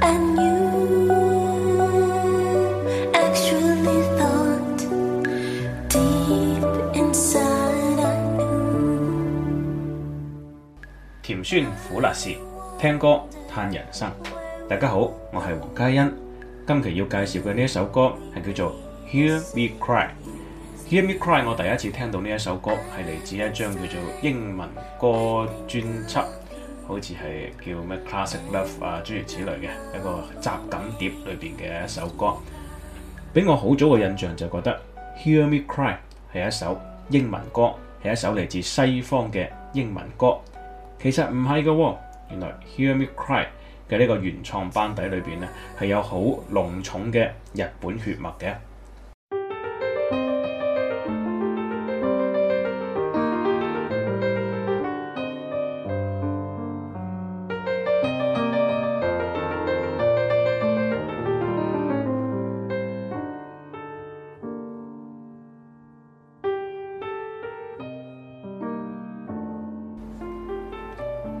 And you actually thought deep inside. 甜酸苦辣事，聽歌嘆人生。大家好，我係黃嘉欣。今期要介紹嘅呢一首歌係叫做 Hear Me Cry。Hear Me Cry，我第一次聽到呢一首歌係嚟自一張叫做英文歌專輯。好似係叫咩 Classic Love 啊，諸如此類嘅一個雜錦碟裏邊嘅一首歌，俾我好早嘅印象就覺得 Hear Me Cry 係一首英文歌，係一首嚟自西方嘅英文歌。其實唔係嘅喎，原來 Hear Me Cry 嘅呢個原創班底裏邊咧，係有好濃重嘅日本血脈嘅。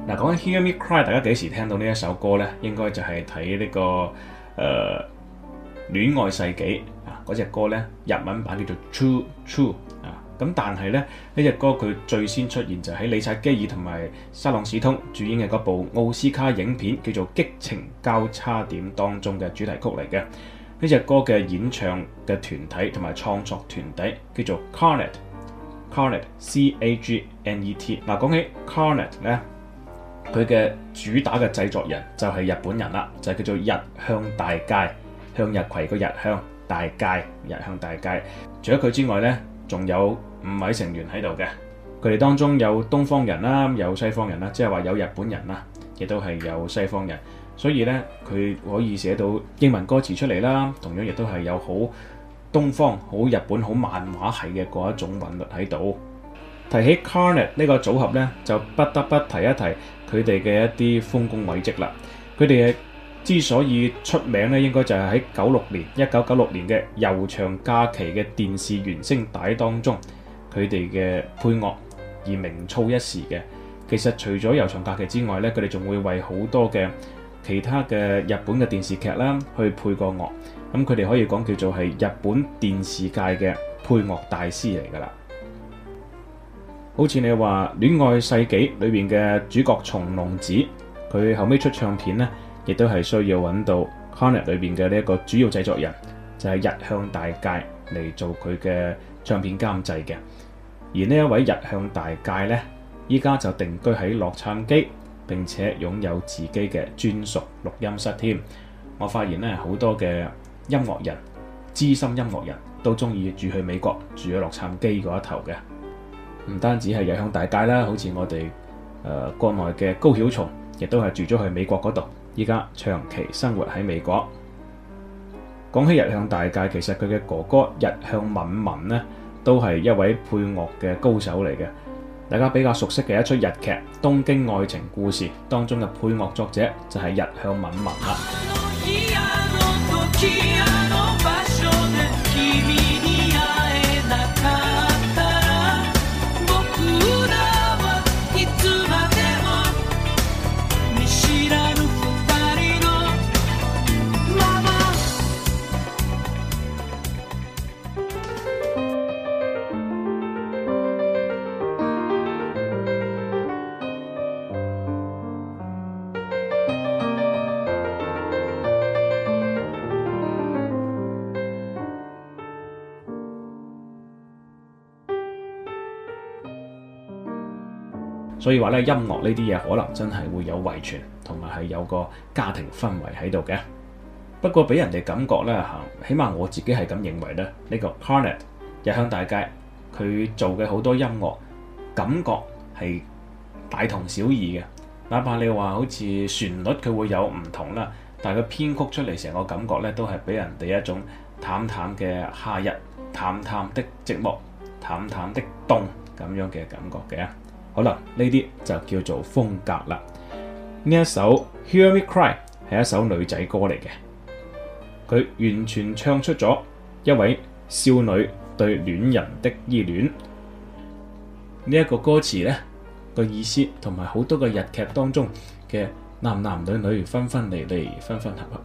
嗱，講起《Hear Me Cry》，大家幾時聽到呢一首歌咧？應該就係睇呢個誒、呃、戀愛世紀啊，嗰隻歌咧，日文版叫做《True True》啊。咁但係咧，呢隻歌佢最先出現就喺理察基爾同埋沙朗史通主演嘅嗰部奧斯卡影片叫做《激情交叉點》當中嘅主題曲嚟嘅。呢隻歌嘅演唱嘅團體同埋創作團體叫做 CAGNET，CAGNET C, et, C A G N E T。嗱，講起 CAGNET 咧。佢嘅主打嘅製作人就係日本人啦，就係叫做日向大介，向日葵個日向大介，日向大介。除咗佢之外咧，仲有五位成員喺度嘅，佢哋當中有東方人啦，有西方人啦，即係話有日本人啦，亦都係有西方人，所以咧佢可以寫到英文歌詞出嚟啦，同樣亦都係有好東方、好日本、好漫畫系嘅嗰一種韻律喺度。提起 CAGNET 呢個組合咧，就不得不提一提佢哋嘅一啲豐功偉績啦。佢哋之所以出名咧，應該就係喺九六年一九九六年嘅《悠長假期》嘅電視原聲帶當中，佢哋嘅配樂而名噪一時嘅。其實除咗《悠長假期》之外咧，佢哋仲會為好多嘅其他嘅日本嘅電視劇啦去配個樂。咁佢哋可以講叫做係日本電視界嘅配樂大師嚟㗎啦。好似你話《戀愛世紀》裏邊嘅主角松隆子，佢後尾出唱片呢，亦都係需要揾到 CAGNET 裏邊嘅呢一個主要製作人，就係日向大介嚟做佢嘅唱片監製嘅。而呢一位日向大介呢，依家就定居喺洛杉磯，並且擁有自己嘅專屬錄音室添。我發現呢好多嘅音樂人、資深音樂人都中意住去美國，住喺洛杉磯嗰一頭嘅。唔單止係日向大介啦，好似我哋誒、呃、國內嘅高曉松，亦都係住咗去美國嗰度，依家長期生活喺美國。講起日向大介，其實佢嘅哥哥日向敏文呢，都係一位配樂嘅高手嚟嘅，大家比較熟悉嘅一出日劇《東京愛情故事》當中嘅配樂作者就係、是、日向敏文啦。啊。所以話咧，音樂呢啲嘢可能真係會有遺傳，同埋係有個家庭氛圍喺度嘅。不過俾人哋感覺咧，嚇，起碼我自己係咁認為咧，呢、這個 CAGNET 日向大介佢做嘅好多音樂，感覺係大同小異嘅。哪怕你話好似旋律佢會有唔同啦，但係佢編曲出嚟成個感覺咧，都係俾人哋一種淡淡嘅夏日、淡淡的寂寞、淡淡的凍咁樣嘅感覺嘅。可能呢啲就叫做風格啦。呢一首《Hear Me Cry》係一首女仔歌嚟嘅，佢完全唱出咗一位少女對戀人的依戀。呢一個歌詞呢，個意思，同埋好多個日劇當中嘅男男女女分分離離、分分合合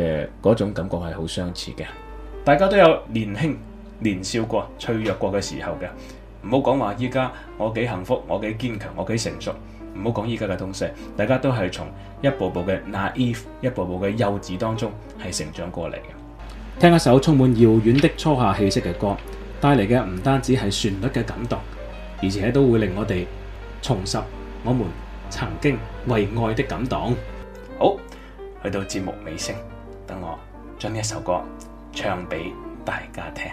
嘅嗰種感覺係好相似嘅。大家都有年輕年少過、脆弱過嘅時候嘅。唔好講話依家我幾幸福，我幾堅強，我幾成熟。唔好講依家嘅東西，大家都係從一步步嘅 naive，一步步嘅幼稚當中係成長過嚟嘅。聽一首充滿遙遠的初夏氣息嘅歌，帶嚟嘅唔單止係旋律嘅感動，而且都會令我哋重拾我們曾經為愛的感動。好，去到節目尾聲，等我將呢一首歌唱俾大家聽。